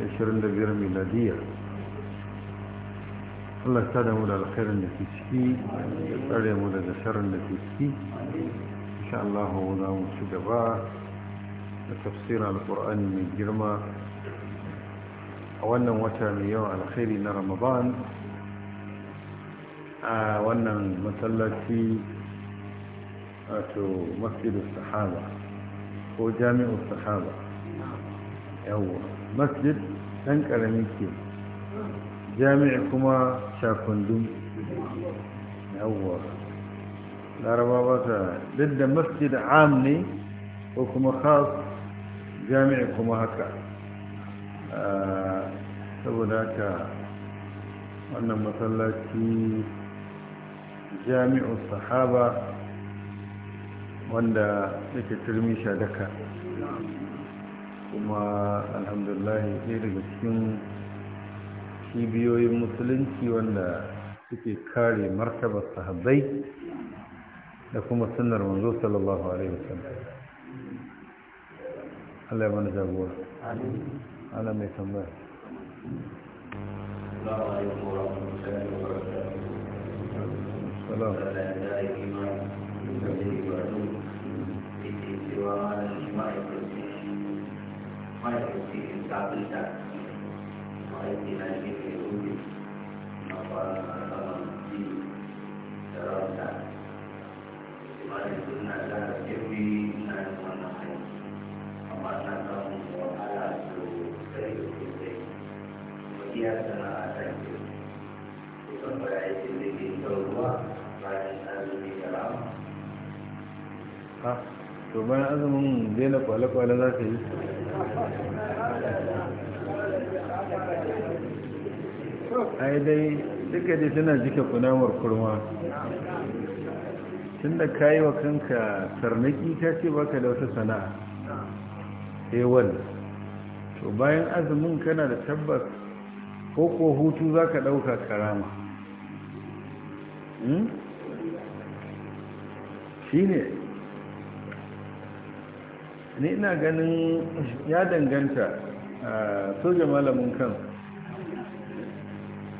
2025 ميلادية الله تعالى مولا الخير التي فيه تعالى مولى الشر التي فيه إن شاء الله مولى مستجباء تفسير القرآن من جرمى أولا وتعالى على خير رمضان أولا wannan masallaci wato مسجد الصحابة ko jami'u sahaba yawon masjid ɗan ƙarami ke jami'a kuma shakundun yawwa laraba ba ta duk da masjid am ne ko kuma khas jami'a kuma haka ah, saboda haka wannan masallaci jami'a, sahaba wanda yake turmi shadaka kuma alhamdulillah ɗaya daga cikin cibiyoyin musulunci wanda suke kare martabar sahabbai da kuma sunnar manzo sallallahu alaihi wasallam Allah ya mana jagora Allah mai tambaya Assalamu alaikum warahmatullahi wabarakatuh. Assalamu alaikum mais possibilidade de estar mais dinâmica que o último, na forma da forma do estilo, da roda, e mais do que na cara que eu vi, na forma da mãe, a mais na forma do alaço, o seio, o que tem, o que é que na to bayan azumin daina kwale-kwale za ka yi ai dai duka dai tana jika kunamar kurma tun da yi wa kanka sarnaki ta ce baka da wata sana'a a1 to bayan azumin kana da tabbas ko ko hutu za ka ɗauka karama hmm? shi ne ni ina ganin ya danganta a soja malamin kan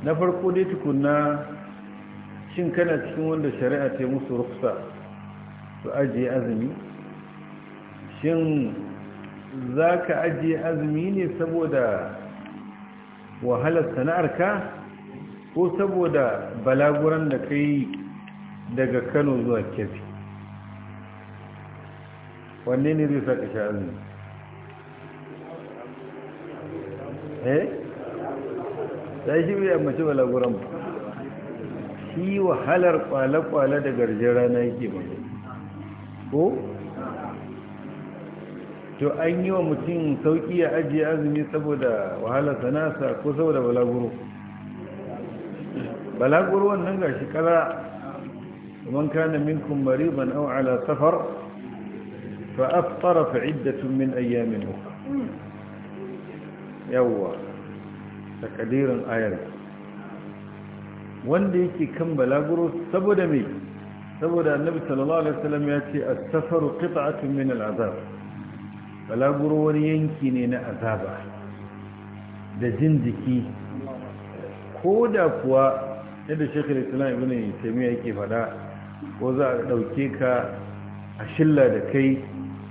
na farko dai tukuna shin kana cikin wanda shari'a ce musu rufsa su ajiye azumi shin za ka ajiye azumi ne saboda wahalar sana'arka ko saboda balaguran da ka yi daga kano zuwa kefi wanne ne zai saka sha azumi eh sai shi bai amince balaguran ba shi wahalar kwale-kwale da garjin rana yake ba ko to an yi wa mutum sauki ya ajiye azumi saboda wahalar sanasa ko saboda balaguro balaguro wannan ga shi kara man kana minkum mariban aw ala safar فأفطر فعدة من أيام أخرى يوى تقدير الآية wanda yake kan balaguro saboda me saboda annabi sallallahu alaihi wasallam ya ce as-safaru qit'atun min al-azab balaguro wani yanki ne na azaba da jin jiki ko da kuwa yadda shekar islam ibn taymiya yake faɗa ko za a ka a shilla da kai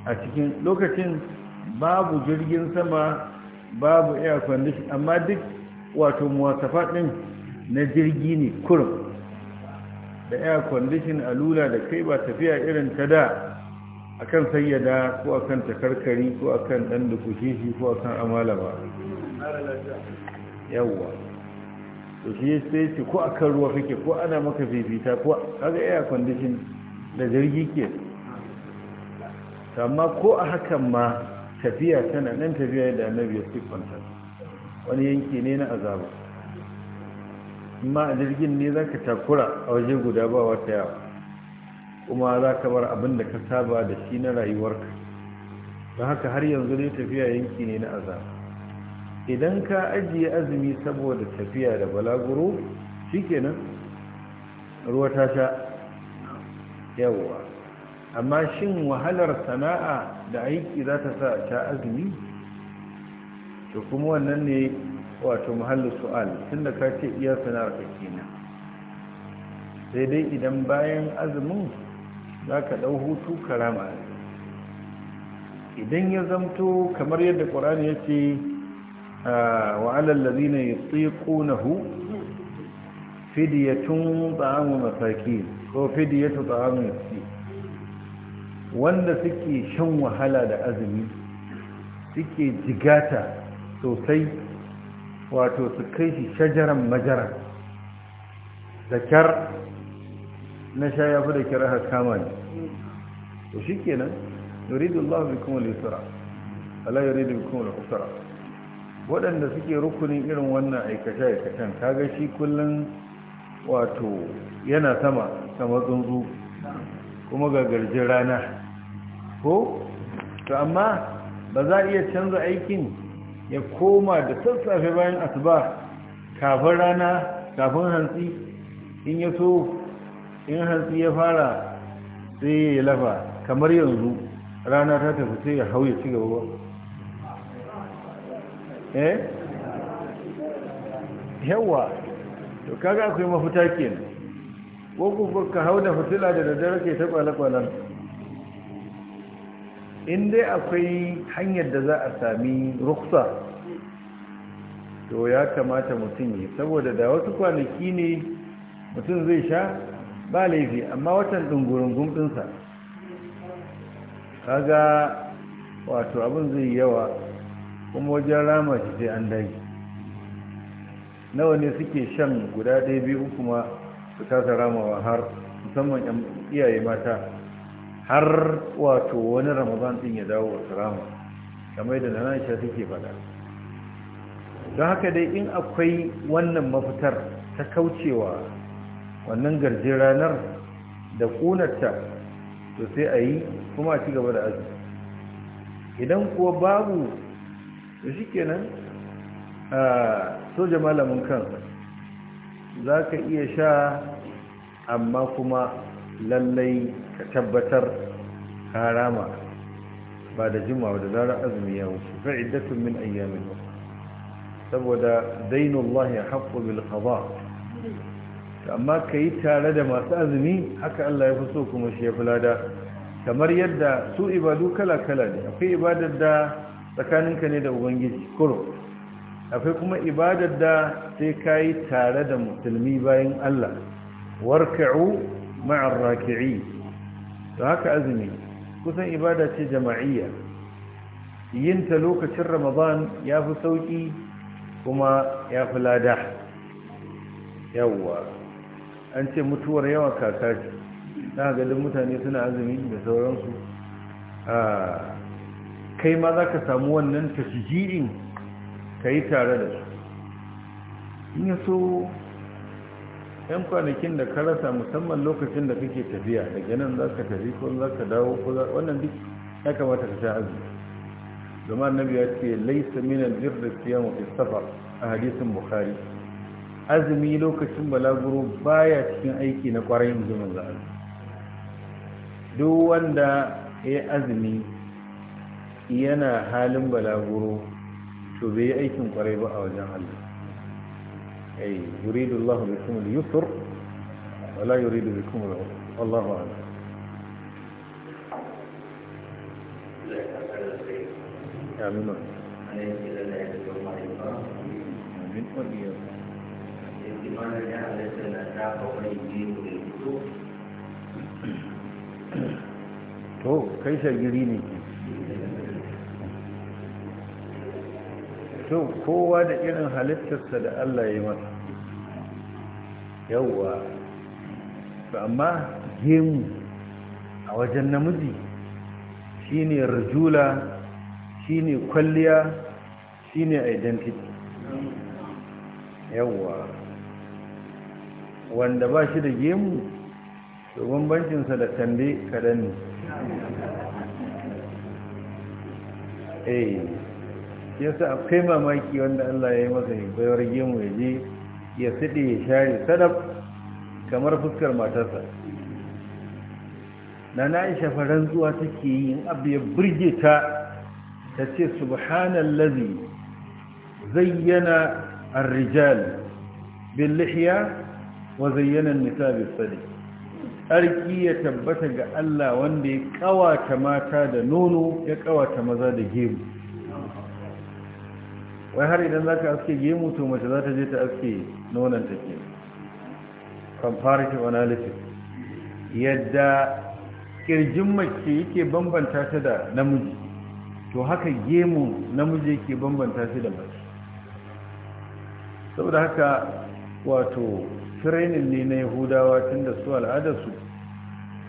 a cikin lokacin babu jirgin sama babu air condition amma duk wato muwasafa ɗin na jirgi ne kurum da air condition a lula da kai ba tafiya irin ta da kan sayyada ko akan takarkari ko akan ku dukushishi ko akan amala ba yawwa da shi sai ce ko akan ruwa kake ko ana maka fifita ko a ga air condition da jirgi ke amma ko a hakan ma tafiya tana nan tafiya da annabi ya siffanta wani yanki ne na azaba amma a jirgin ne za ka takura a waje guda ba wata yawa kuma za ka bar abin da ka saba da shi na rayuwarka don haka har yanzu ne tafiya yanki ne na azaba idan ka ajiye azumi saboda tafiya da balaguro shi kenan ruwa ta sha yawwa amma shin wahalar sana'a da aiki za ta sa a sha azumi to kuma wannan ne wato muhallin su'al tun da ka ce iya sana'ar ka kenan sai dai idan bayan azumin za ka ɗau hutu karama idan ya zamto kamar yadda ƙwararri ya ce ah, wa'alar lalzina ya tsikonahu fidiyatun tsa'amu masaki ko fidiyatun tsa'amu wanda suke shan wahala da azumi suke jigata sosai wato su kai shi shajaran majara da kyar na sha ya fi da kyar har kama ne to shi kenan yuridu Allah bi kuma lisara ala yuridu bi kuma lisara waɗanda suke rukunin irin wannan aikace-aikacen kaga shi kullum wato yana sama sama tsuntsu kuma ga garjin rana ko to amma ba za a iya canza aikin ya koma da sassafe bayan asuba kafin rana kafin hantsi in ya so in hantsi ya fara sai ya lafa kamar yanzu rana ta tafi sai ya hau ya ci gaba ba. eh yawa to kaga akwai mafita kenan ko ku ka hau da fitila da daddare ke ta kwale-kwalen in dai akwai hanyar da za a sami ruksa to ya kamata mutum yi saboda da wasu kwanaki ne mutum zai sha ba laifi amma watan ɗungurungun ɗinsa kaga wato abin zai yi yawa kuma wajen rama shi sai an dage nawa ne suke shan guda ɗaya biyu kuma su kasa ramawa har musamman iyaye mata har wato wani ramadan din ya dawo wasu rama kamar da na shi take faɗa don haka dai in akwai wannan mafitar ta kaucewa wannan garjin ranar da kunarta to sai a yi kuma a ci gaba da azumi idan kuwa babu da shi kenan a soja malamin kan za ka iya sha amma kuma lallai ka tabbatar harama ba da jimawa da zarar azumi ya wuce fa iddatun min ayyamin saboda dainullahi ya bil qada amma yi tare da masu azumi haka Allah ya fi so kuma shi ya fulada kamar yadda su ibadu kala-kala ne akwai ibadar da tsakaninka ne da ubangiji kuro akwai kuma ibadar da sai kayi tare da musulmi bayan Allah warka'u ma'ar raki'i da haka azumi kusan ibada ce jama'iyya yin ta lokacin ramadan ya fi sauƙi kuma ya fi lada yawwa an ce mutuwar yawan kaka ce na gadin mutane suna azumi da sauransu kai ma za ka samu wannan tafijirin ka yi tare da su yan kwanakin da ka rasa musamman lokacin da kake tafiya daga nan za ka tafi ko za ka dawo ko za wannan duk ya kamata ka sha azumi zama annabi ya ce laisa min albirr siyamu fi safar a hadisin bukhari azumi lokacin balaguro baya cikin aiki na kwarai inji za duk wanda ya yi azumi yana halin balaguro to bai yi aikin kwarai ba a wajen Allah أي يريد الله بكم اليسر ولا يريد بكم العسر الله أعلم آمين آمين وإياكم لماذا جعلت الأتاق ويجيب للكتب؟ أوه كيف يجريني؟ to kowa da irin halittarsa da Allah ya mata yawwa amma gemu a wajen namiji shine shi shine kwalliya shine identity yawwa wanda ba shi da gemu to bambancinsa da tambe kaɗan ne eh yasa akwai mamaki wanda Allah ya yi masa baiwar gemu ya je ya siɗe ya share sadaf kamar fuskar matarsa na na isha zuwa take yi in abu ya birge ta ta ce lazi zayyana rijal bin lihiya wa zayyana nisa bil sadi arki ya tabbata ga Allah wanda ya kawata mata da nono ya kawata maza da gemu wai har idan za ka aske gemu to mace za ta je ta aske nonon ta ke comparative analysis yadda kirjin mace yake bambanta ta da namiji to haka gemu namiji yake bambanta shi da mace saboda haka wato training ne na yahudawa tun da su al'adarsu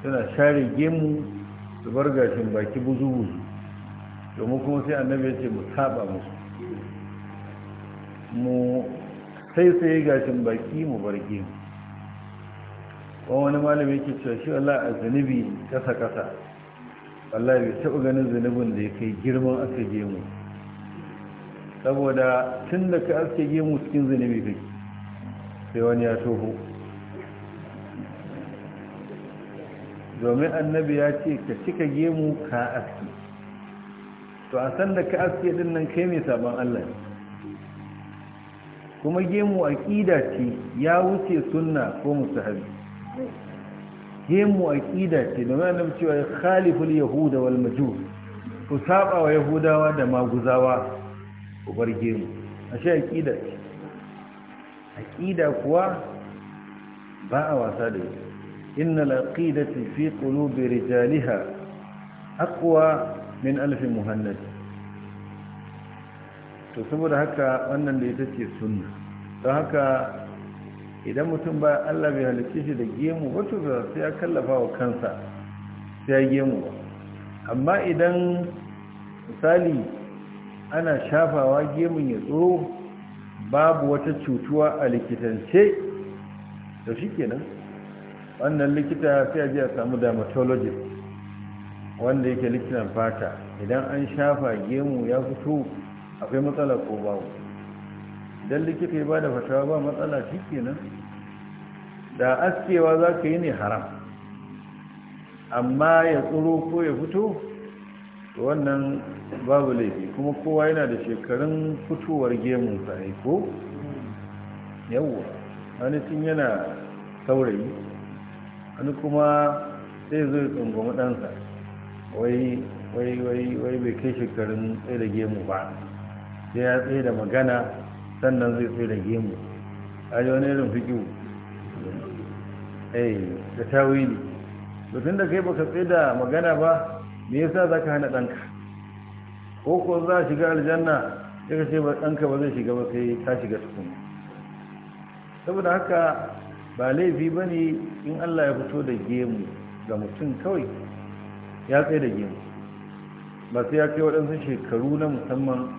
suna share gemu su bar gashin baki buzu-buzu domin kuma sai annabi ya ce mu saba musu mu sai sai gashin baki mu barge wani malami yake cewa shi Allah a zunubi kasa kasa Allah bai taɓa ganin zunubin da ya kai girman aka gemu saboda tun da ka aske gemu cikin zunubi kake sai wani ya toho domin annabi ya ce ka cika gemu ka aski. to a san da ka aske din nan kai mai sabon Allah ne kuma gemu aqida ce ya wuce sunna ko musahabi gemu aqida ce da nan cewa khaliful yahuda wal majus ku saba wa yahudawa da maguzawa ku bar gemu ashe aqida ce aqida kuwa ba a wasa da ita innal aqidati fi qulubi rijaliha aqwa min alf muhannad to saboda haka wannan da ita ce sunna don haka idan mutum ba Allah bai halicce shi da gemu wato ba sai ya kallafa wa kansa sai ya gemu ba amma idan misali ana shafawa gemun ya tsoro babu wata cutuwa a likitance da shi kenan wannan likita sai a samu dermatologist wanda yake likitan fata idan an shafa gemu ya fito akwai matsala ko babu don likita ya ba da fatawa ba matsala shi kenan da askewa za ka yi ne haram amma ya tsoro ko ya fito wannan babu laifi kuma kowa yana da shekarun fitowar gemun sa'ai ko yawwa wani tun yana saurayi wani kuma sai zai tsungumi ɗansa wai wai wai wai bai kai shekarun tsaye da gemu ba sai ya tsaye da magana sannan zai tsaye da gemu a yi wani irin fikiyu eh da tawili tun da kai baka tsaye da magana ba me yasa za ka hana ɗanka ko ko za a shiga aljanna ya ka ce ba ɗanka ba zai shiga ba sai ka shiga tukun saboda haka ba laifi ba ne in allah ya fito da gemu ga mutum kawai ya tsaye da gemu ba sai ya kai waɗansu shekaru na musamman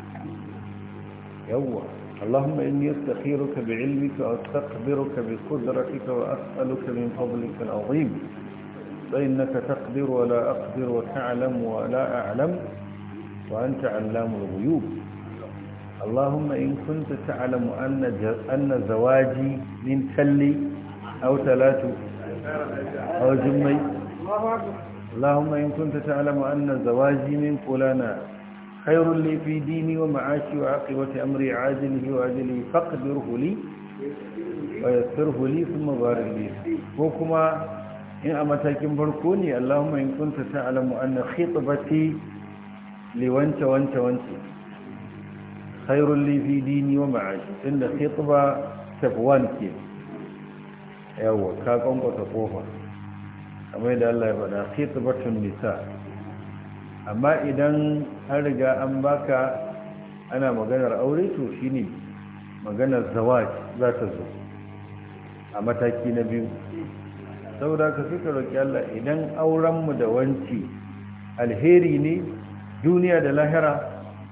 يوه اللهم إني أستخيرك بعلمك وأستقدرك بقدرتك وأسألك من فضلك العظيم فإنك تقدر ولا أقدر وتعلم ولا أعلم وأنت علام الغيوب اللهم إن كنت تعلم أن أن زواجي من تلي أو ثلاث أو جمي اللهم إن كنت تعلم أن زواجي من فلانة خير لي في ديني ومعاشي وعاقبة أمري عاجله وعاجله فاقدره لي ويسره لي ثم بارك لي وكما إن أمتاكم بركوني اللهم إن كنت تعلم أن خطبتي لونت وانت وانت خير لي في ديني ومعاشي إن خطبة تفوانك يوه كاكم وتقوفا أما إذا الله يبدأ خطبة النساء أما إذا an riga an baka ana maganar aure to shine maganar zawaj za ta zo a mataki na biyu saboda ka suka roƙi Allah idan aurenmu da wanci alheri ne duniya da lahira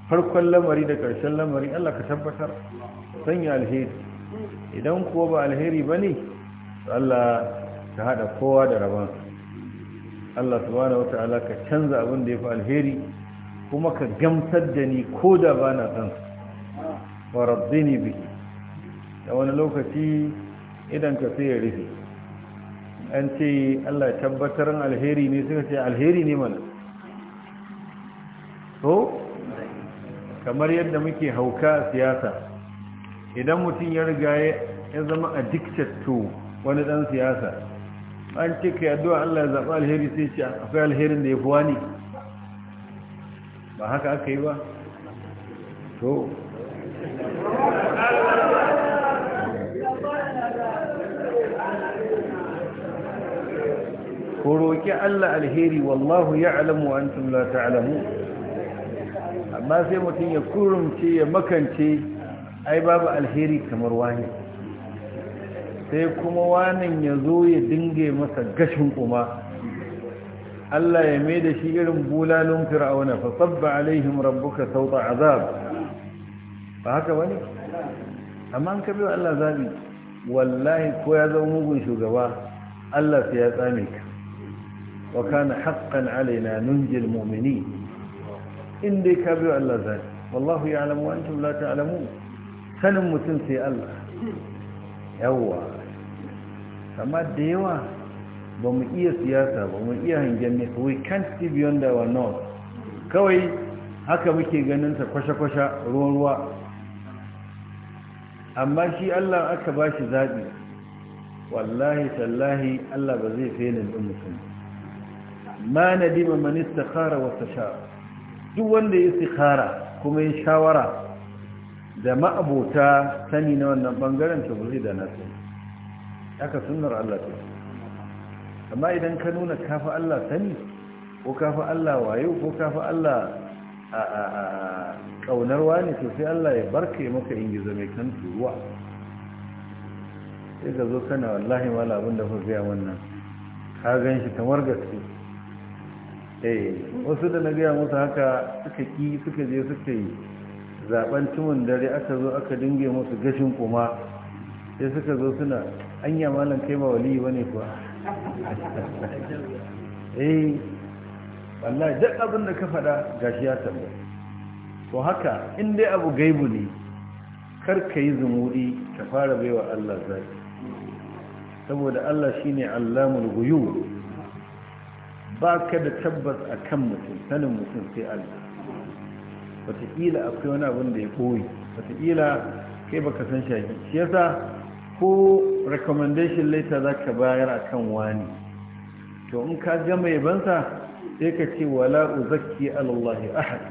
farkon lamari da ƙarshen lamari Allah ka tabbatar sanya alheri idan kuwa ba alheri ba ne Allah ka haɗa kowa da rabon Allah subhanahu ta'ala ka canza abin da ya fi alheri kuma ka gamsar da ni ko da ba na ɗan wa rabbini da wani lokaci idan ka sai ya rufe an ce Allah tabbatar alheri ne suka ce alheri ne mana to kamar yadda muke hauka a siyasa idan mutum ya riga ya zama addicted to wani dan siyasa an ce ka addu'a Allah ya zaɓi alheri sai ce akwai alherin da ya fi wani ba haka aka yi ba to ku roƙi Allah alheri wallahu ya'lamu wa antum la alamu. amma sai mutum ya kurumce ya makance ai babu alheri kamar wani sai kuma wanin ya zo ya dinge masa gashin kuma Allah ya mai da shi irin bulalun fir'auna fa sabba alaihim rabbuka sauta azab ba haka bane amma an kabewa Allah zabi wallahi ko ya zama mugun shugaba Allah sai ya tsame ka wa kana haqqan alaina nunjil mu'minin in dai ka kabewa Allah zabi wallahu ya'lamu wa antum la ta'lamun sanin mutum sai Allah Yawa. amma da yawa ba mu iya siyasa ba mu iya hangen ne we can't see beyond our nose kawai haka muke ganin sa kwashe-kwashe ruwa-ruwa amma shi Allah aka ba shi zaɓi wallahi tallahi Allah ba zai felin ɗin mutum ma na dima manista kara wata sha duk wanda ya istikhara kuma ya shawara da ma'abota sani na wannan ɓangaren ta buri da nasu aka sunar Allah ta amma idan ka nuna kafa Allah sani ko kafa Allah wayo ko kafa Allah a kaunar wani to sai Allah ya barka ya maka ingiza mai kan turuwa sai ka zo kana wallahi wala abin da kuka gaya wannan ka gan shi kamar gaske eh wasu da na gaya musu haka suka ki suka je suka yi zaben tumun dare aka zo aka dinge musu gashin kuma sai suka zo suna anya malam kai ba wali bane kuwa eh duk abin da ka faɗa gashi ya tabbata to haka in dai abu gaibu ne kar ka yi zumudi ka fara baiwa Allah zai saboda Allah shine allamul ghuyub ba ka da tabbas akan mutum sanin mutum sai Allah wataƙila akwai wani abin da ya koyi wataƙila kai baka san shi shi yasa ko recommendation letter za ka bayar a kan wani to in ka ga mai bansa sai ka ce wala uzakki alallahi ahad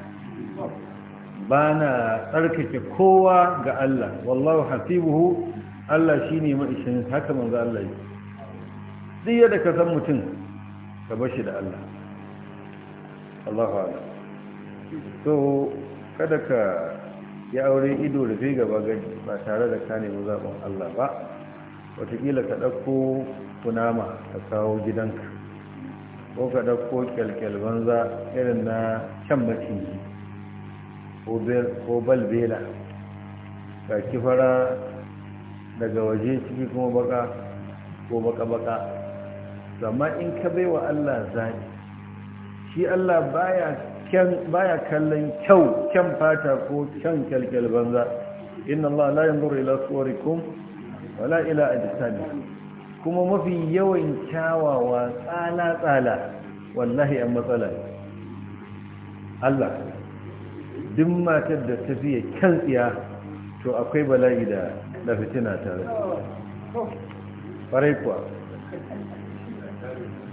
ba na tsarkake kowa ga Allah wallahu hasibuhu Allah shi shine ma'ishin haka manzo Allah yi duk yadda ka san mutum ka bar shi da Allah Allahu akbar so kada ka ya aure ido da fi gaba gani ba tare da kane nemi zaɓin Allah ba Wataƙila ka ɗauko kunama ka kawo gidanka ko ka ɗauko kyalkyal banza irin na can maciji ko balbela ka kifara daga waje ciki kuma baka ko baka-baka zama in ka bai wa Allah zaɓi shi Allah baya baya kallon kyau kyan fata ko kyan kyalkyal banza inna Allah la yanzuru ila suwarikum wala ila ajsadikum kuma mafi yawan kyawawa tsala tsala wallahi an matsala Allah duk matar da ta fiye kyan tsiya to akwai bala'i da da fitina tare kwarai kuwa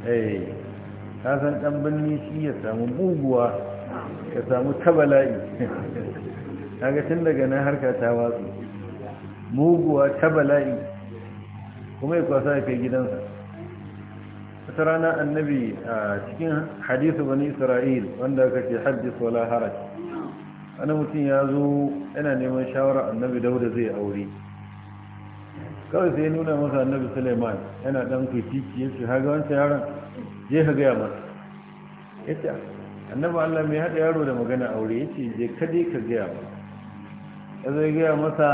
eh. ka san ɗan birni shi ya samu buguwa ya samu tabala'i ga tun daga nan harka ta watsu muguwa tabala'i kuma ya kwasa ya kai gidansa wata rana annabi a cikin hadisu bani isra'il wanda aka ce haddis wala wani mutum ya zo yana neman shawarar annabi dauda zai aure kawai sai nuna masa annabi suleiman yana ɗan kai titi ya ce haga wancan yaron je ka gaya masa ya annaba allah mai haɗa yaro da magana aure ya ce je ka je ka gaya masa ya zai gaya masa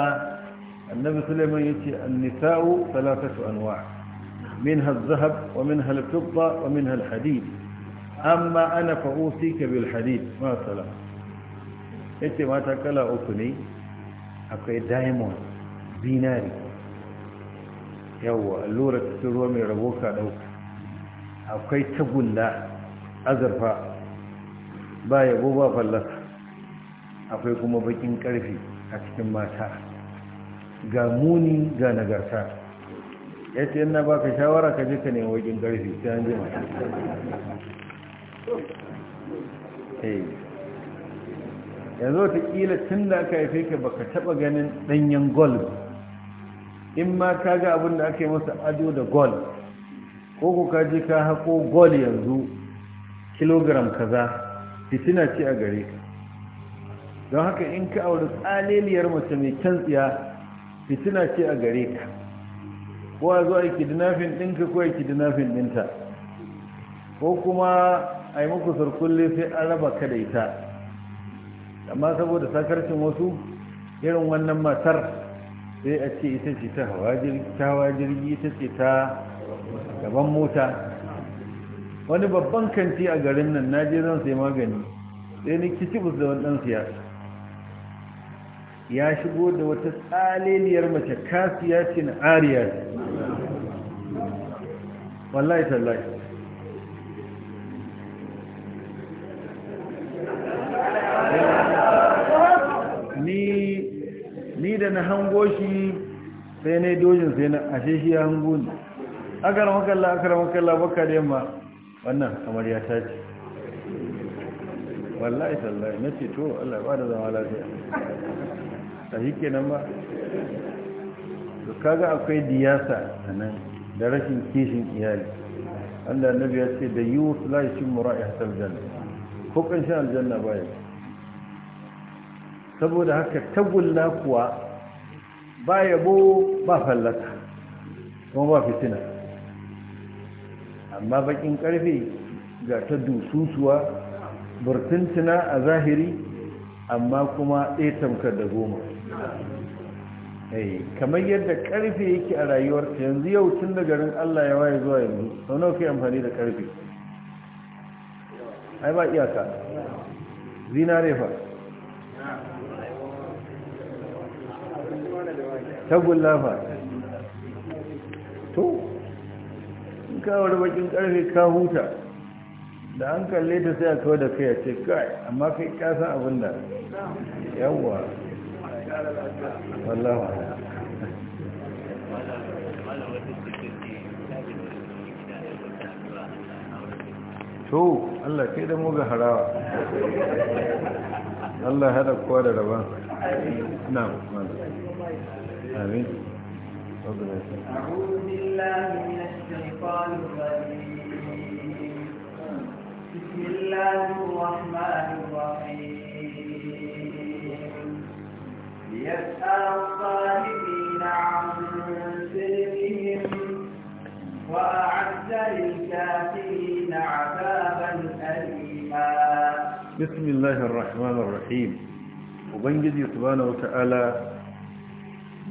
annaba suleiman ya ce annisa'u salatatu anwa min zahab wa min halfidda wa min halhadid amma ana fa'usi ka bil hadid ma salam yace mata kala uku ne akwai diamond zinari yawwa allura ta ruwa mai rabo ka ɗauka. akwai tagulla azurfa ba yabo ba fallasa akwai kuma bakin karfi a cikin mata ga muni ga nagarta ya ce yana ba ka shawara ka je ka nema bakin karfi ta an jima yanzu watakila tun da aka haife ka baka taba ganin danyen gol in ma ka ga abin da aka masa ado da gol ko ku ka ji ka haƙo gol yanzu kilogram kaza fitina ce a gare ka don haka in ka auri tsaleliyar mace mai kyan tsiya fitina ce a gare ka ko a zuwa yake dinafin ɗinka ko yake dinafin ɗinta ko kuma a yi muku sarkulle sai an raba ka da ita amma saboda sakarcin wasu irin wannan matar sai a ce ita ce ta hawa jirgi ta ce ta gaban mota wani babban kanti a garin nan na je zan sai magani sai ni kicibus da wani ɗan siyasa ya shigo da wata tsaleliyar mace kasiya ce na ariya wallahi tallahi ni da na hango shi sai na dojin sai na ashe shi ya hango ne akarar makalla akarar makalla baka da yamma wannan kamar ya tace wallahi tallahi na ce to allah ba da zama lafiya a shi kenan ba to kaga akwai diyasa nan da rashin kishin iyali allah annabi ya ce da yiwu laishin mura'i hasar janna ko kan ƙanshin aljanna baya saboda haka tagulla kuwa ba yabo ba fallaka kuma ba fitina amma bakin karfe ga ta dususuwa burtuntuna a zahiri amma kuma ɗaya tamkar da goma eh, kamar yadda karfe yake a rayuwarta yanzu yau tun da garin allah ya waye zuwa yanzu sau nawa kai amfani da karfe ai ba iyaka zinare fa tagulla fa kawar bakin karfe ka huta da an kalle ta sai a kawar da kai a ce kai amma kai kasan abin da yawwa wallawa to Allah kai da muga harawa Allah hada kowa da rabon na amin أعوذ بالله من الشيطان الرجيم بسم الله الرحمن الرحيم ليسأل الصادقين عن سرهم وأعد للكافرين عذابا أليما بسم الله الرحمن الرحيم وبنجد سبحانه وتعالى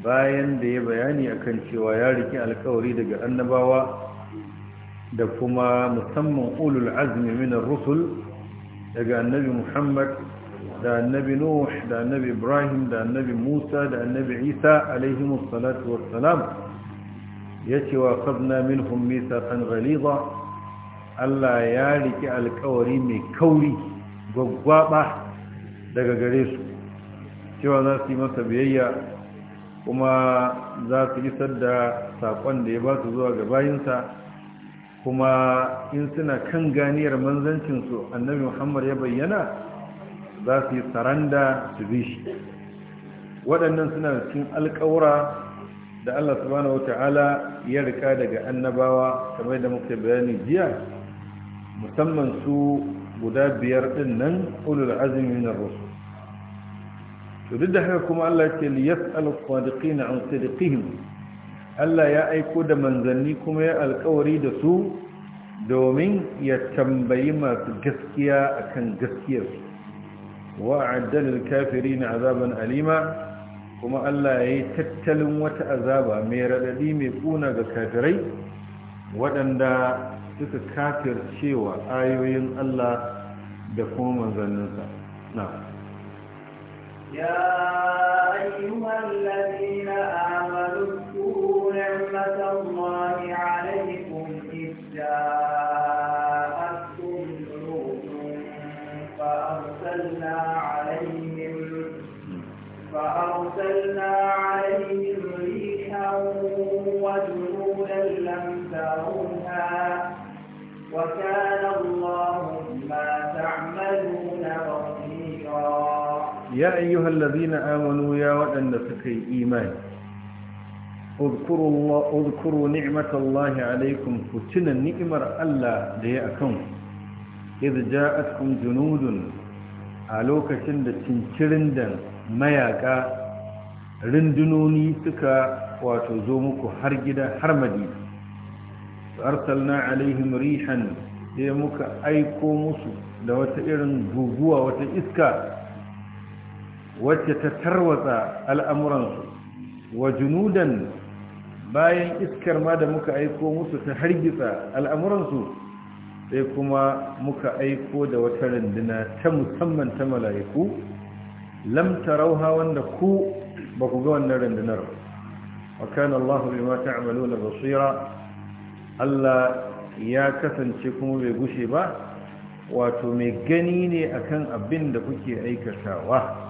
bayan da ya bayani akan cewa ya riki alkawari daga annabawa da kuma musamman ulul azmi min rusul daga annabi Muhammad da annabi Nuh da annabi Ibrahim da annabi Musa da annabi Isa alaihimus salatu wassalam yace wa qadna minhum mithaqan ghaliza Allah ya riki alkawari mai kauri gwaggwaba daga gare su cewa za su yi masa biyayya kuma za su isar da saƙon da ya ba su zuwa ga bayinsa kuma in suna kan ganiyar manzancinsu annabi muhammad ya bayyana za su yi saranda su bi shi waɗannan suna cikin alƙawura da allah subhanahu wata'ala ya rika daga annabawa kamar da muka bayani jiya musamman su guda biyar ɗin nan ulul azumi na rusu. to duk da haka kuma Allah ce li yas'alu sadiqina an sidqihim Allah ya aiko da manzanni kuma ya alƙawari da su domin ya tambayi masu gaskiya akan gaskiyar wa kafiri kafirin azaban alima kuma Allah ya yi tattalin wata azaba mai radadi mai kuna ga kafirai waɗanda suka kafircewa ayoyin Allah da kuma manzanninsa na. يا أيها الذين آمنوا اذكروا نعمة الله عليكم إذ جاءتكم فأرسلنا عليهم ريحا لم تروها وكان الله بما تعملون بصيرا ya ayyuhal ladina amanu ya waɗanda suka yi imani udkuru ni'matallahi alaikum ku tuna ni'imar Allah da ya akan idh ja'atkum junudun a lokacin da cincirin da mayaka rindunoni suka wato zo muku har gida har madina arsalna alaihim rihan sai muka aiko musu da wata irin guguwa wata iska wacce ta tarwatsa al'amuransu wa junudan bayan iskar ma da muka aiko musu ta hargitsa al'amuransu sai kuma muka aiko da wata runduna ta musamman ta mala'iku lamta tarauha wanda ku ba ku ga wannan rundunar wa kana Allahu bima na basira Allah ya kasance kuma bai gushe ba wato mai gani ne akan abin da kuke aikatawa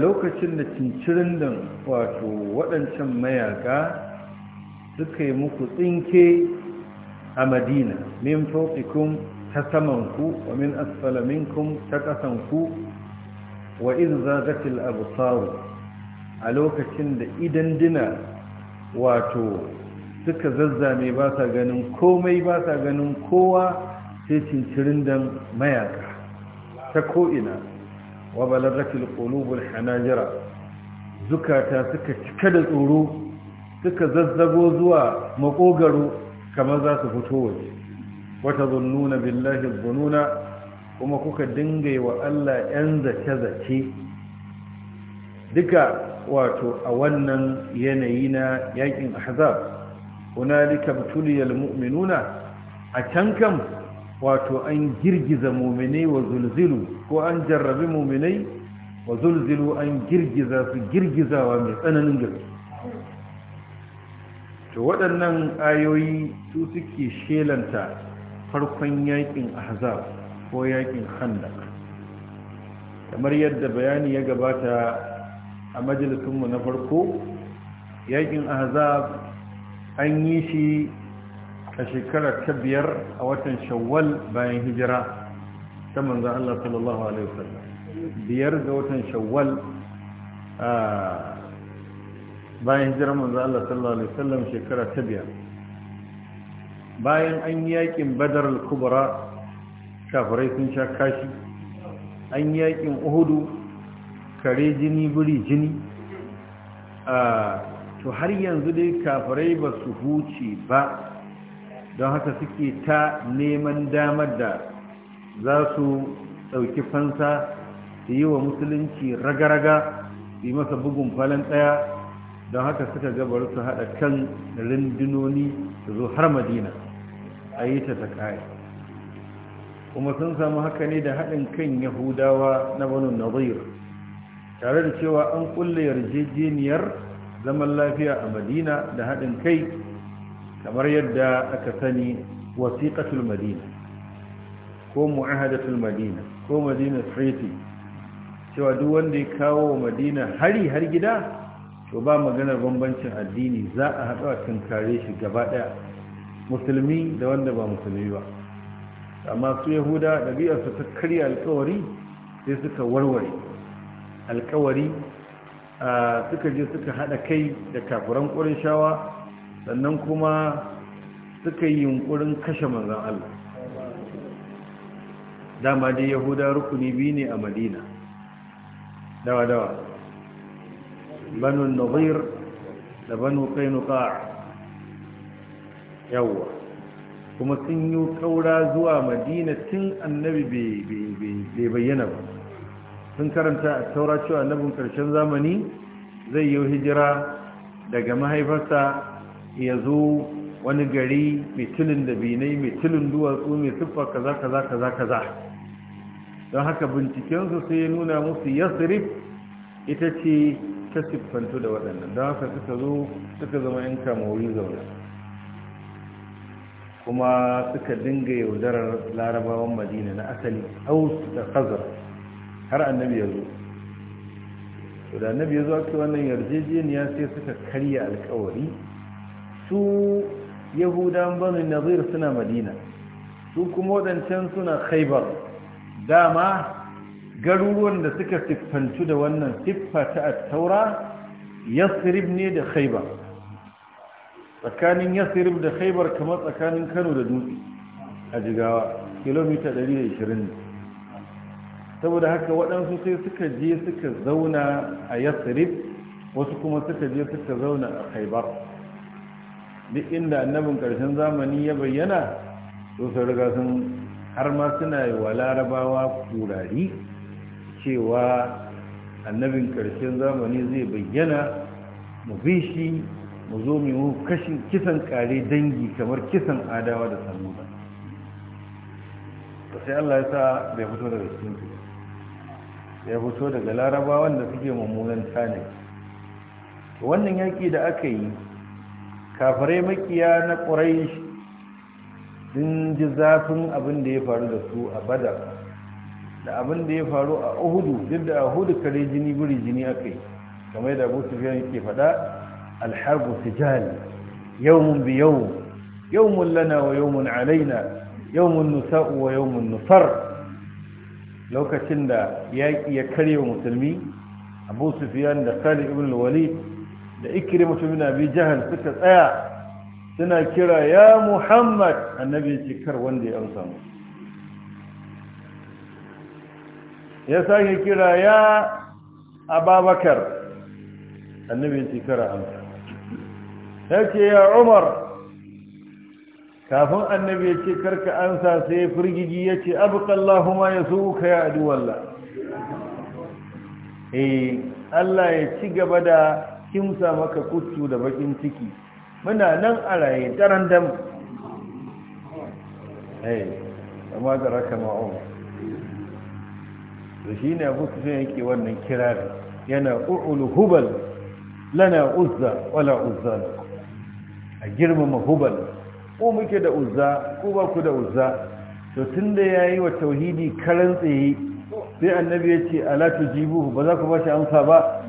lokacin da cincirin da wato waɗancan mayaka suka yi muku tsinke a madina min fauƙikun ta samanku wa min asfalaminkun ta ƙasanku wa in zagatil abu a lokacin da idan dina wato suka zazzame ba sa ganin komai ba sa ganin kowa sai cincirin da mayaka ta ko'ina wa balagatil qulubul hanajira zukata suka cika da tsoro suka zazzago zuwa makogaro kamar za su fito waje wata zunnuna billahi zununa kuma kuka dinga wa Allah yan zace-zace duka wato a wannan yanayi na yaƙin ahzab hunalika butuliyal mu'minuna a can kam wato an girgiza muminai wa zulzilu ko an jarrabi muminai wa zulzilu an girgiza su girgizawa mai tsananin gaske to waɗannan ayoyi su suke shelanta farkon yaƙin ahzab ko yaƙin handa kamar yadda bayani ya gabata a majalisunmu na farko yaƙin ahzab an yi shi a shekarar ta biyar a watan shawwal bayan hijira ta manzan Allah sallallahu Alaihi wasallam biyar ga watan shawwal bayan hijira manzan Allah sallallahu Alaihi wasallam ta biyar bayan an yakin badar al-kubra kafirai sun sha kashi an yakin uhudu kare jini buri jini to har yanzu dai kafirai ba su huce ba don haka suke ta neman damar da za su ɗauki fansa su yi wa musulunci raga-raga su yi masa bugun falon ɗaya don haka suka gabar su haɗa kan rindinoni su zo har madina a yi ta taƙa'i kuma sun samu haka ne da haɗin kan yahudawa na banu nazir tare da cewa an ƙulla yarjejeniyar zaman lafiya a madina da haɗin kai kamar yadda aka sani wasiqatul madina ko mu'ahadatul madina ko madina treaty cewa duk wanda ya kawo madina hari har gida to ba maganar bambancin addini za a haɗu a tunkare shi gaba ɗaya musulmi da wanda ba musulmi ba amma su yahuda ɗabi'arsu ta karya alkawari sai suka warware alkawari suka je suka haɗa kai da kafuran ƙorin shawa sannan kuma suka yi yunkurin kashe manzan Allah dama dai yahuda rukuni biyu ne a madina dawa dawa banu nazir da banu kainuka yawwa kuma sun yi kaura zuwa madina tun annabi bai bayyana ba sun karanta a taura cewa annabin karshen zamani zai yi hijira daga mahaifarsa ya zo wani gari mai tilin da binai mai duwatsu mai siffa kaza kaza kaza kaza don haka bincikensu sai ya nuna musu yasirif ita ce ta siffantu da waɗannan don haka suka zo suka zama yin kamori zaune kuma suka dinga yaudarar larabawan madina na asali aus da kazar har annabi ya zo da annabi ya zo aka wannan yarjejeniya sai suka karya alkawari su yahudan banu nazir suna madina su kuma waɗancan suna khaibar dama garuruwan da suka siffantu da wannan siffa ta taura yasrib ne da khaibar tsakanin yasrib da khaibar kamar tsakanin kano da dutse a jigawa kilomita 120 saboda haka waɗansu sai suka je suka zauna a yasrib wasu kuma suka je suka zauna a khaibar duk inda annabin ƙarshen zamani ya bayyana to sun riga sun har ma suna yi wa larabawa turari cewa annabin ƙarshen zamani zai bayyana mu bi shi mu zo mu kashin kisan kare dangi kamar kisan adawa da samuda sai Allah ya sa bai fito daga cikin ya fito daga larabawan da suke mummunan tane wannan yaki da aka yi kafirai makiya na ƙuraish sun ji zafin abin da ya faru da su a badar da abin da ya faru a uhudu duk da uhudu kare jini guri jini aka yi kamar da abu sufiyan yake faɗa alharbu sijal yawmun bi yawm yawmun lana wa yawmun alaina yawmun nusa'u wa yawmun nusar lokacin da yaƙi ya karye musulmi abu sufiyan da khalid ibn walid da ikrimatu mutumin abin jihar suka tsaya suna kira ya muhammad annabi ce kar wanda ya amsa mu ya sake kira ya ababakar annabi ce kar amsa ya ce ya umar kafin annabi ya ce karka ansa sai firgigi ya ce abuƙallahu ma ya suka ya aduwallah eh Allah ya ci gaba da kimsa maka kutu da bakin ciki muna nan a raye daren dam eh, amma da raka ma'awa da shi ne abu su yake wannan kirari yana ƙu'ul hubal lana uzza wala uzza a girmama hubal ko muke da uzza ko ba ku da uzza to tun da ya yi wa tauhidi karan tsaye sai annabi ya ce ala tujibuhu ba za ku ba shi amsa ba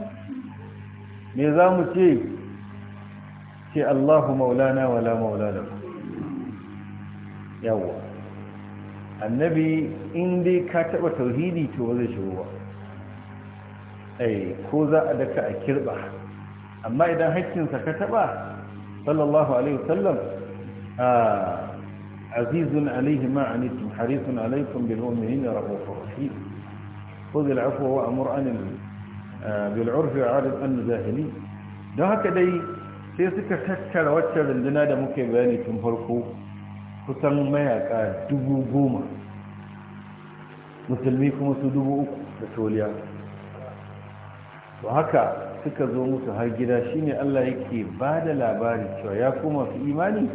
me za mu ce ce allahu maulana wala maula da yawa annabi in dai ka taba tauhidi to ba zai shigo ba ai ko za a daka a kirba amma idan haƙƙinsa ka taba sallallahu alaihi wasallam عزيز عليه ما عنيتم حريص عليكم بالمؤمنين رؤوف رحيم خذ العفو وأمر أن bil'urf al'adab an-zahili don haka dai sai suka tattara wacce runduna da muke bayani tun farko kusan mayaka dubu goma musulmi kuma su dubu uku da toliya to haka suka zo musu har gida shine Allah yake ba da labari cewa ya kuma su imani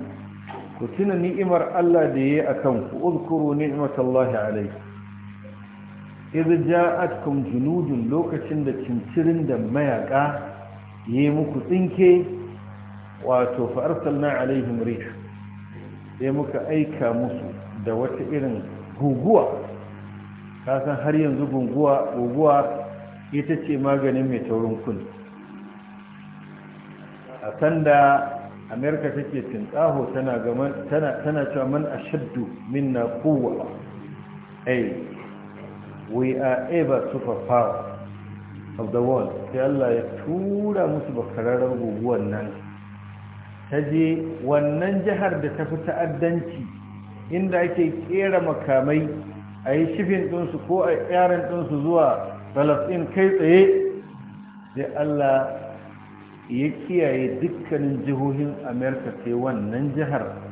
ku tuna ni'imar Allah da ya yi a kanku uzkuru ni'imatallahi alaikum irja'atkum junudun lokacin da cincirin da mayaka yi muku tsinke wato fa arsalna alaihim rih sai muka aika musu da wata irin guguwa kasan har yanzu guguwa guguwa ita ce maganin mai taurin kun a sanda amerika take tsinkaho tana tana tana cewa man ashaddu minna quwwa ai we are ever superpower of the world sai Allah ya tura musu bakararar guguwan nan ta je wannan jihar da ta fi ta'addanci inda ake kera makamai a yi shifin ɗinsu ko a yaran ɗinsu zuwa falasɗin kai tsaye sai Allah ya kiyaye dukkanin jihohin amerika sai wannan jihar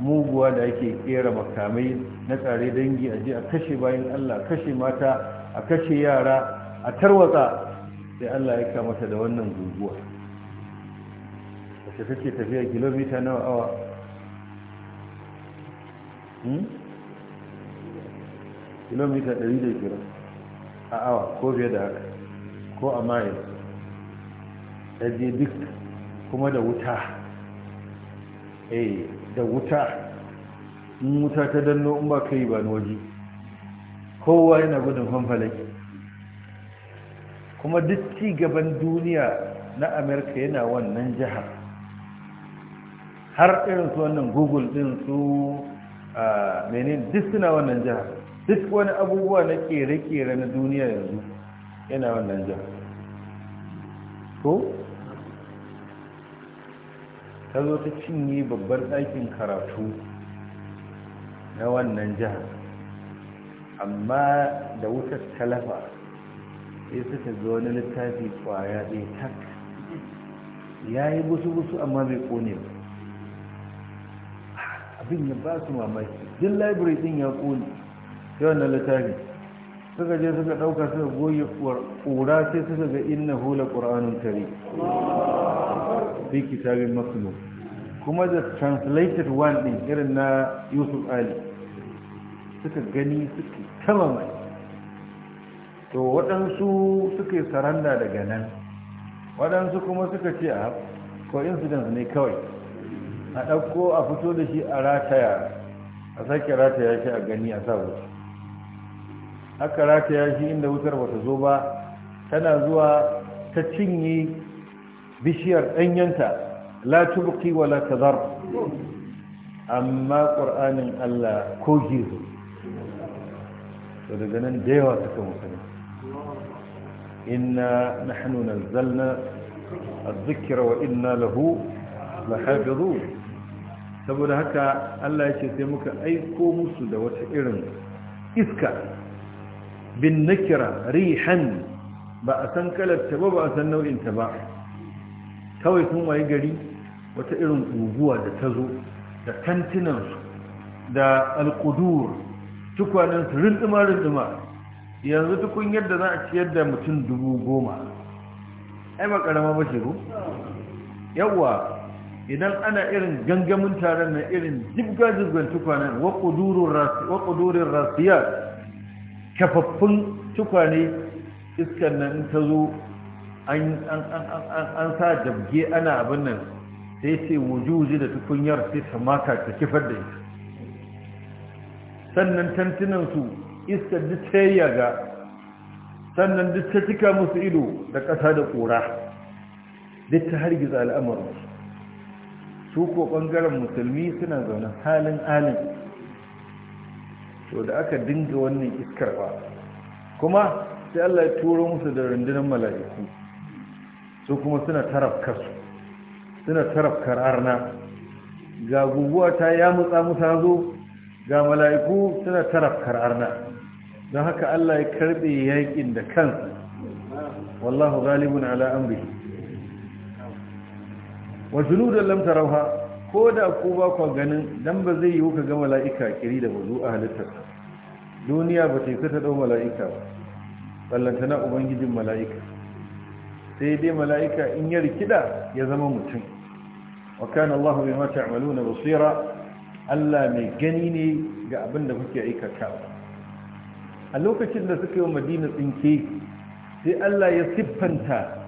muguwa da ake kera makamai na tsare dangi a je a kashe bayan allah kashe mata a kashe yara a tarwatsa sai allah ya kamata da wannan guguwa a take tafiya kilomita nawa awa hmm? kilomita 100 a awa ko fiye da haka ko a mayar je duk kuma da wuta eh da wuta wuta ta danno in ba kai ba waje kowa yana gudun hanfalai kuma duk ci gaban duniya na amerika yana wannan jihar har irin su wannan google din su a menin duk suna wannan jiha duk wani abubuwa na kere-kere na duniya yanzu yana wannan jihar ko ta zo ta cinye babbar ɗakin karatu na wannan jihar amma da wutar talafa sai suka zo wani littafi kwaya ɗaya tak ya yi busu-busu amma bai kone ba abin ya ba su mamaki din library din ya kone sai wannan littafi suka je suka ɗauka suka goyi ƙura sai suka ga inna hula ƙura'anin kare fi kitabin kuma da translated one din irin na yusuf ali suka gani suka kama mai to waɗansu suka saranda daga nan waɗansu kuma suka ce a ah, coincidence ne kawai a ɗauko a fito da shi a rataya a sake rataya shi a gani a sa wuce aka rataya shi inda wutar ba ta zo ba tana zuwa ta cinye بشير أن ينتع لا تبقي ولا تضر أما قرآن ألا كوجيه ودقنا ديوة كمسنة إنا نحن نزلنا الذكر وإنا له لحافظون سبب هكا ألا يشتمك أي كومس دوات إرن إذكا بالنكرة ريحا بأسنك لتبا بأسنو إنتباعك kawai sun waye gari wata irin guguwa da ta zo da kantinansu da alkudur tukwaninsu rindima-rindima yanzu tukun yadda za a ciyar da mutum dubu goma ai ba karama ba ce yawwa idan ana irin gangamin taron na irin jibga-jibgan tukwanin wa rasiyar kafaffun tukwane iskan nan ta zo an sa jabge ana abin nan sai ce wujuji da tukunyar sai ta ta kifar da ita sannan tantinansu iska duk ta yaga sannan duk ta cika musu ido da ƙasa da ƙura duk ta hargiza al'amarin su ko ɓangaren musulmi suna zaune halin alin to da aka dinga wannan iskar ba kuma sai Allah ya turo musu da rundunar mala'iku su kuma suna tarafka su suna tarafkar arna ga guguwa ta ya mutsa musa zo ga mala'iku suna tarafkar arna don haka Allah ya karbe yakin da kansa wallahu galibun ala amri wa junudan lam tarawha ko da ku ba kwa ganin don ba zai yiwu ka ga mala'ika kiri da wuzu a halittar duniya ba ta yi ta ɗau mala'ika ba ballantana ubangijin mala'ika sai dai mala'ika in ya rikida ya zama mutum wa kana Allah bi ma ta'maluna basira Allah mai gani ne ga abin da kuke aikaka. a lokacin da suka yi Madina tsinke sai Allah ya siffanta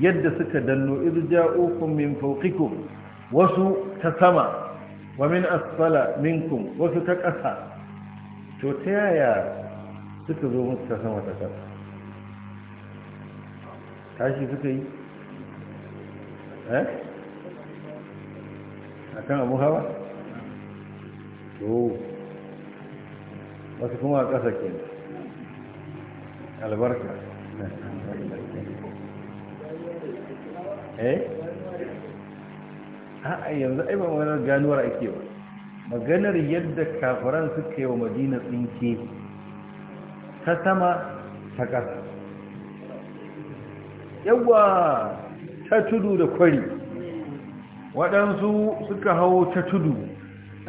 yadda suka danno irja'ukum min fawqikum wasu ta sama wa min asfala minkum wasu ta ƙasa to ta yaya suka zo musu ta sama ta ƙasa tashi suka yi eh kan abu hawa to wasu kuma a ƙasa ke albarka eh a yanzu ai ba maganar ganuwar ake ba maganar yadda kafaran suka yi wa madina tsinke ta sama ta ƙasa yawa ta tudu da kwari waɗansu suka hau ta tudu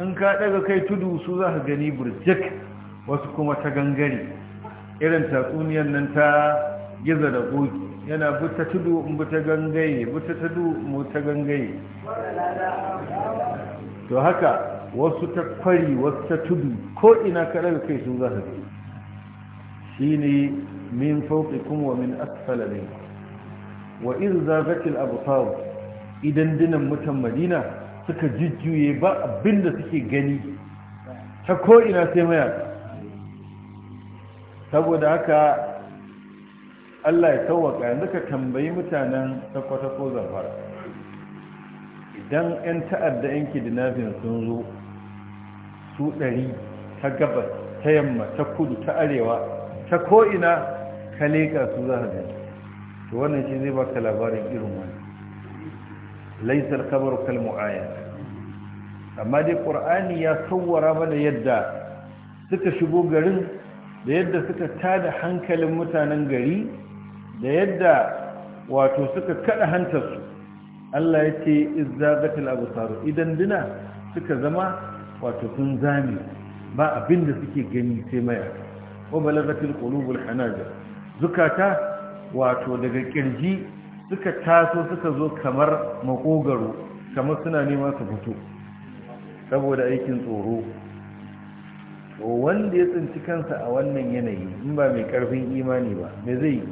in ka ɗaga kai tudu su za ka gani burjik wasu kuma ta gangare irin tatsuniyar nan ta giza da goki yana buta tudu in ta gangaye tudu mu ta gangaye to haka wasu ta kwari wasu ta tudu ko ina ka ɗaga kai su za ka gani ne min fauƙi wa min asfala ne. wa in zagatil absar idan dinan mutan madina suka jujjuye ba abinda suke gani ta ko ina sai mayaka saboda haka Allah ya tawaka yanzu ka tambayi mutanen sakwata ko idan 'yan ta'adda 'yan kidnapping sun zo su ɗari ta gabas ta yamma ta kudu ta arewa ta ko'ina ka leƙa su za to wannan shi zai baka labarin irin wani laisar kabar kalmu aya amma dai ƙur'ani ya sauwara mana yadda suka shigo garin da yadda suka tada hankalin mutanen gari da yadda wato suka kada hantarsu Allah ya ce izzagatil absar idan dina suka zama wato sun zame ba abinda suke gani sai maya wa balagatul qulubul hanajir zukata wato daga kirji suka taso suka zo kamar makogaro kamar suna nema su fito saboda aikin tsoro wanda ya tsinci kansa a wannan yanayi in ba mai karfin imani ba me zai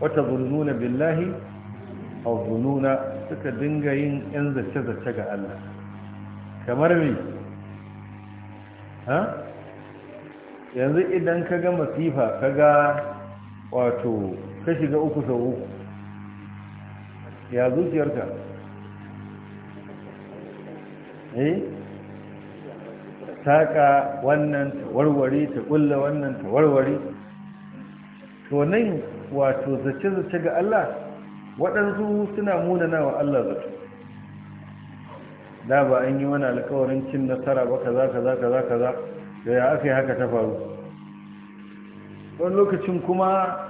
wata zununa billahi a zununa suka dinga yin yan zace-zace ga Allah kamar mai ha yanzu idan ka ga masifa ka ga wato Ka shiga uku sau uku ya zuciyarka eh saƙa wannan ta warware ta ƙulla wannan ta warware to nan wato zace-zace ga Allah waɗansu suna munana wa Allah zato da ba an yi wani alkawarin cin nasara ba kaza kaza kaza kaza da ya aka yi haka ta faru wani lokacin kuma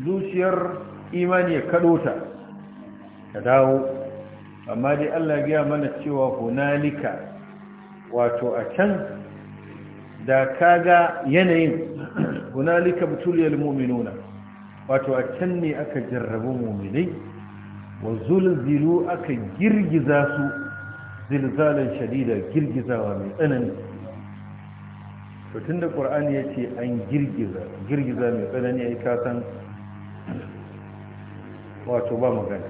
zuciyar imani ya kadota ta dawo amma dai Allah ya mana cewa hunalika wato a can da kaga yanayin hunalika butuliyal mu'minuna wato a can ne aka jarrabu mu'minai wa zulzilu aka girgiza su zilzalan shadida girgizawa mai tsanani to tunda qur'ani yace an girgiza girgiza mai tsanani ai ka san wato ba magana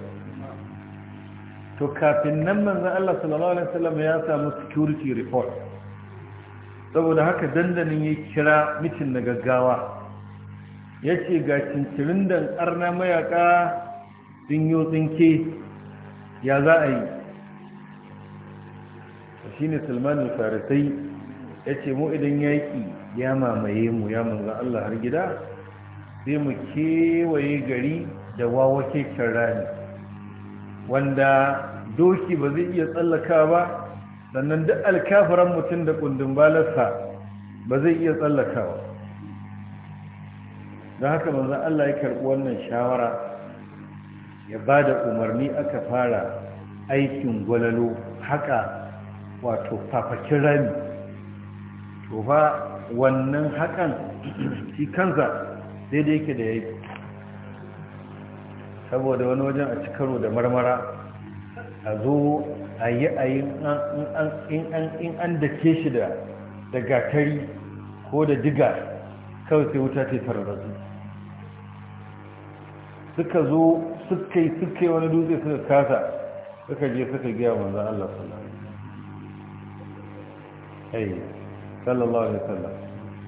to kafin nan manzo Allah sallallahu alaihi wasallam ya samu security report saboda haka dandanin ya kira mitin na gaggawa yace ce ga cincirin dan arna mayaka sun yi dinke ya za a yi shi ne salman farisai ya ce mu idan yaki ya mamaye mu ya manzo Allah har gida sai mu kewaye gari da wawake rami wanda doki ba zai iya tsallaka ba sannan duk alkafiran mutum da kundin balarsa ba zai iya tsallakawa don haka manzan Allah ya karɓi wannan shawara ya ba da umarni aka fara aikin gwalalo haka wato fafakin rami to wannan hakan shi kansa daidai yake da ya saboda wani wajen a cikaro da marmara a zo a yi a yi in an ke shi da gatari ko da diga kawai sai wuta ta yi tararrazu suka zo suka yi suka yi wani dutse suka kasa suka je suka gaya manzan Allah eh, sallallahu alaihi wasallam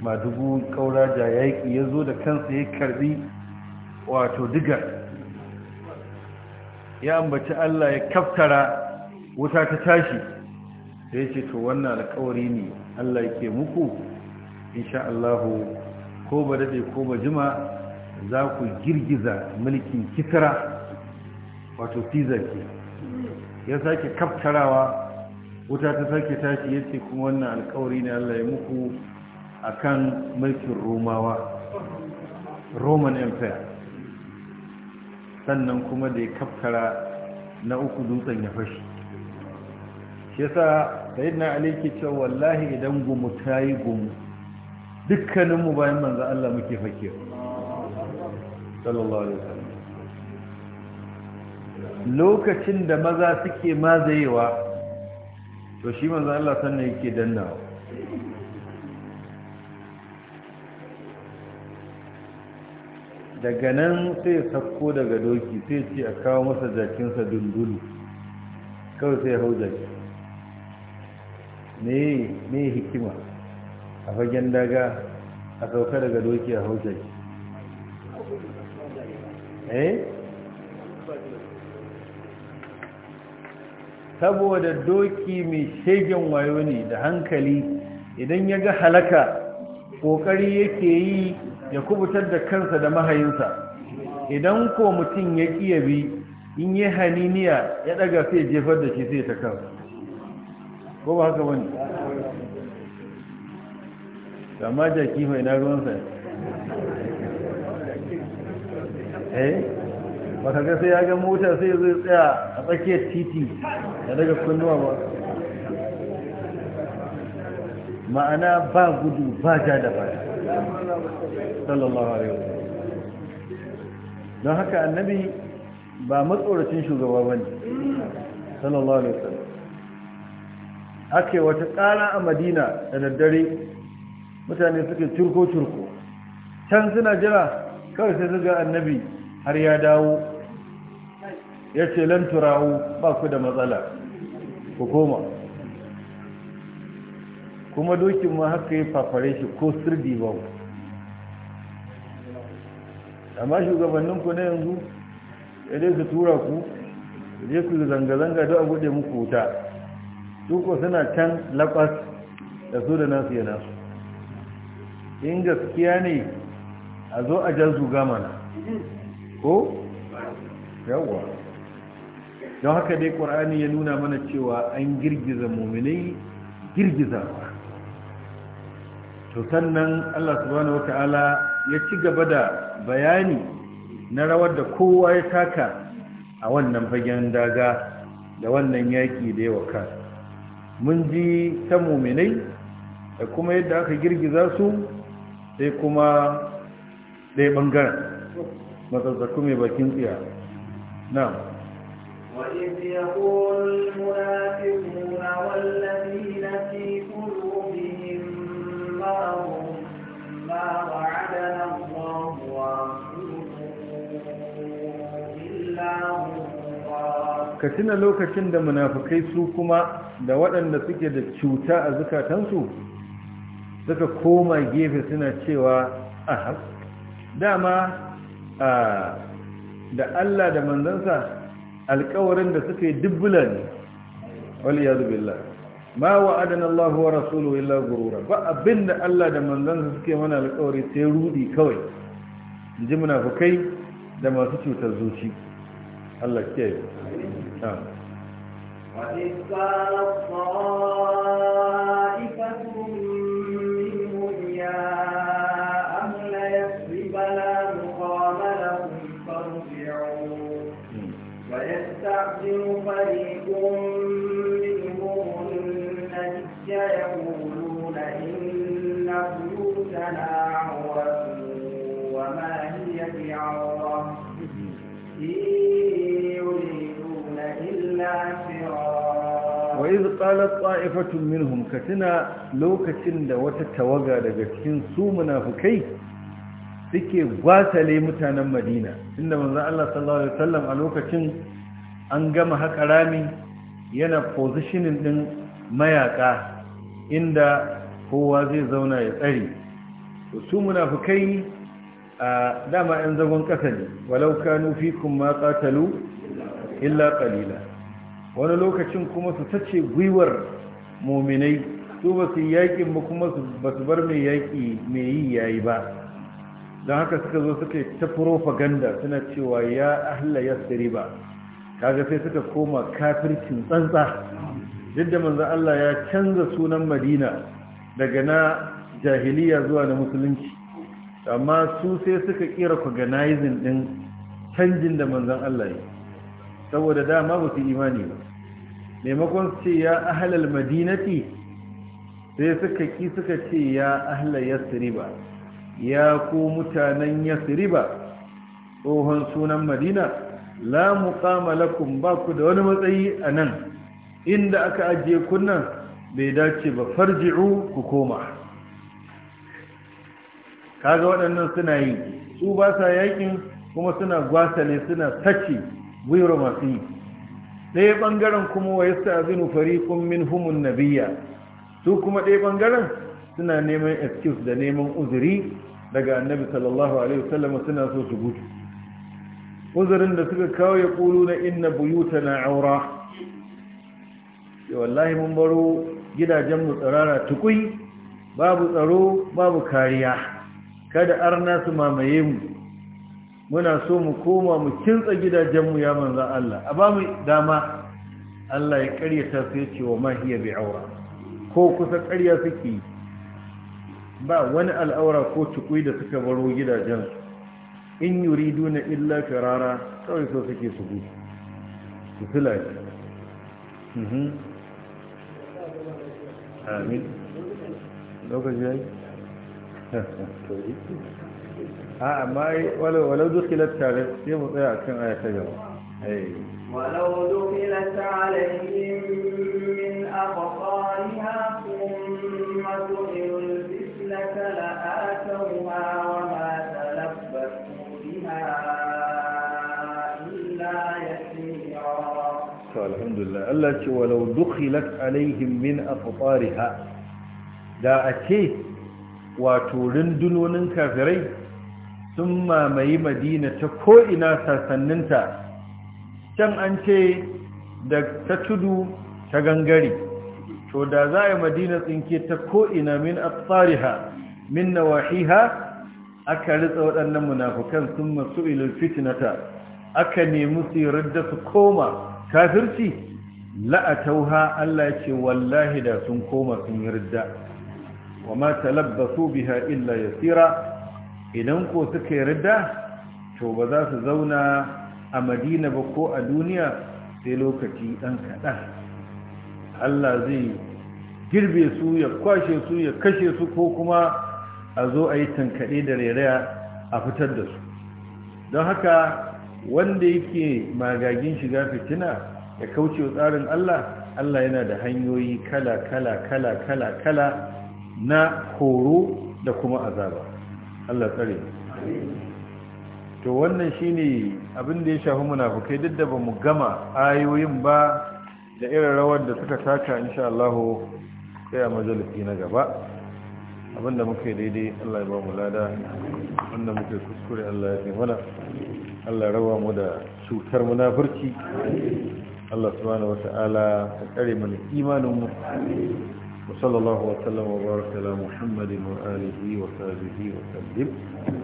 ma dubu kauraja yaƙi ya zo da kansa ya karbi wato digar ya ambaci Allah ya kaftara wuta ta tashi da ya ce to wannan alkawari ne Allah yake muku insha Allahu ko ba daɗe ko ba jima za ku girgiza mulkin kitara, wato fiza ke ya sake kaftarawa wuta ta sake tashi ya ce kuma wannan alkawari ne Allah ya muku akan mulkin romawa roman empire sannan kuma da ya kafkara na uku dutsen ya fashi shi yasa sayyidina ali ke cewa wallahi idan gumu tayi gumu dukkanin bayan manzo Allah muke fake sallallahu lokacin da maza suke mazayewa to shi manzo Allah sannan yake dannawa daga nan sai sakko daga doki sai ce a kawo masa jakinsa dundulu kawai sai hau jaki ne hikima a fagen daga a sauka daga doki a hau jaki eh saboda doki mai shegen wayo ne da hankali idan ya ga halaka ƙoƙari yake yi ya kubutar da kansa da mahayinsa idan ko mutum ya kiya bi in yi haniniya ya daga sai jefar da shi sai ta kan ko ba haka wani kama jaki mai na ruwansa eh ba ga sai ya ga mota sai zai tsaya a tsakiyar titi ya daga kunnuwa ba ma'ana ba gudu ba ja da ba sallallahu alaihi wa don haka annabi ba matsoracin shugaba bane sallallahu alaihi wa sallam ake wata ƙara a madina da daddare mutane suke turko-turko can suna jira kawai sai suga annabi har ya dawo ya ce lanturawo ba ku da matsala ku koma kuma dokin ma haka ya fafare shi ko sirdi ba amma shugabanninku na yanzu ya dai su tura ku je ku zanga-zanga don a gode muku wuta su suna can lakwas da su da nasu ya nasu. in gaskiya ne a zo a jan zuga mana ko? yawwa don haka dai ƙwar'ani ya nuna mana cewa an girgiza muminai girgizawa to sannan Allah subhanahu wata'ala ya ci gaba da bayani na rawar da kowa ya taka a wannan fagen daga da wannan yaƙi da yawa kan mun ji ta muminai da kuma yadda aka girgiza su sai kuma ɗaya ɓangaren matsatsaku mai bakin tsiya na وإذ يقول المنافقون wallafi na Ka tuna lokacin da munafukai su kuma da waɗanda suke da cuta a zukatansu suka koma gefe suna cewa ahab dama da Allah da manzansa alkawarin da suka yi dubbula ne waliyar ma wa'adana Allah wa rasulu illa gurura ba abinda Allah da manzansa suke mana alƙawari sai rudi kawai inji munafikai da masu cutar zuci Allah ke yi وإذ قالت Wasu qalat ta'ifatun minhum katina lokacin da wata tawaga daga cikin su munafukai suke gwasale mutanen Madina inda manzo Allah sallallahu alaihi wasallam a lokacin an gama haka rami yana positioning din mayaka inda kowa zai zauna ya tsare su munafukai a dama yan zagon kasa ne walau nufi fikum ma illa ƙalila. wani lokacin kuma su tace gwiwar muminai su ba su yaƙin ba kuma ba su bar mai yaƙi mai yi yayi ba don haka suka zo suka ta propaganda suna cewa ya ahla siri ba kaga sai suka koma kafircin tsantsa duk da manzo Allah ya canza sunan Madina daga na jahiliya zuwa na musulunci amma su sai suka kira ganayizin din canjin da manzon Allah ya saboda dama ba su imani ba maimakon ce ya ahlal madinati sai suka ki suka ce ya ahla yasriba ya ku mutanen yasriba tsohon sunan madina la muqama lakum ba ku da wani matsayi a nan inda aka ajiye kunnan bai dace ba farji'u ku koma kaga waɗannan suna yi su ba sa yakin kuma suna gwasa ne suna sace gwiwar masu yi ɗaya ɓangaren kuma wa yasta azinu kun min humun nabiya su kuma ɗaya ɓangaren suna neman excuse da neman uzuri daga annabi sallallahu alaihi wasallam suna so su gudu uzurin da suka kawo ya ƙulu na inna na aura ya wallahi mun baro gidajenmu tsirara tukui babu tsaro babu kariya kada arna su mamaye mu muna so mu koma mu kintsa gidajenmu ya manzan Allah a ba mu dama Allah ya karyata su ya ce wa mahiya bai aura ko kusa karya suke ba wani al'aura ko cikui da suka baro gidajen in yuri duna illa firara kawai so suke su gudu su fila mhm. amin lokaci ya yi ولو دخلت عليهم من أقطارها ثم سئلوا الفتنة لآتوها وما تلبثوا بها إلا يسيرا طيب، الحمد لله الله ولو دخلت عليهم من أقطارها da أكيد ce كافرين sun mamayi madina ta ko'ina sassaninta can an ce da ta tudu ta gangare to da za a yi madina tsinke ta ko'ina min atsariha min nawahiha aka ritsa waɗannan munafukan sun masu ilil fitinata aka nemi su da su koma kafirci la'atauha Allah ce wallahi da sun koma sun yi ridda wa ma talabbasu biha illa yasira idan ko suka yarda to ba za su zauna a madina ba ko a duniya sai lokaci ɗan kaɗan allah zai girbe su ya kwashe su ya kashe su ko kuma a zo a yi tankaɗe da rairaya a fitar da su don haka wanda yake magagin shiga fitina ya kauce wa tsarin allah allah yana da hanyoyi kala kala kala kala kala na horo da kuma azaba Allah tsare to wannan shine abin da ya shafi munafukai duk da bamu gama ayoyin ba da irin rawar da suka taka insha Allah sai a majalisi na gaba abin abinda muke daidai Allah ya ba mu lada wanda muke kuskure Allah ya taimana Allah rawa mu da cutar munafurci Allah subhanahu wata'ala ya kare mana imanin mu وصلى الله وسلم وبارك على محمد وآله وصحبه وسلم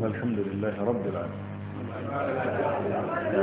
والحمد لله رب العالمين